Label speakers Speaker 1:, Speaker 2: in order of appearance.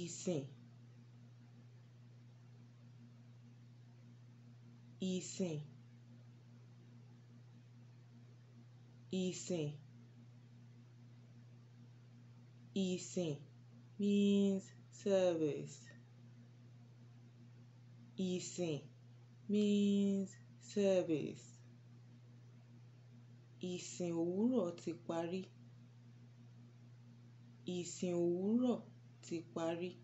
Speaker 1: ìsìn ìsìn ìsìn ìsìn means service ìsìn means service ìsìn òwúrọ̀ ti parí ìsìn òwúrọ̀
Speaker 2: ti parí.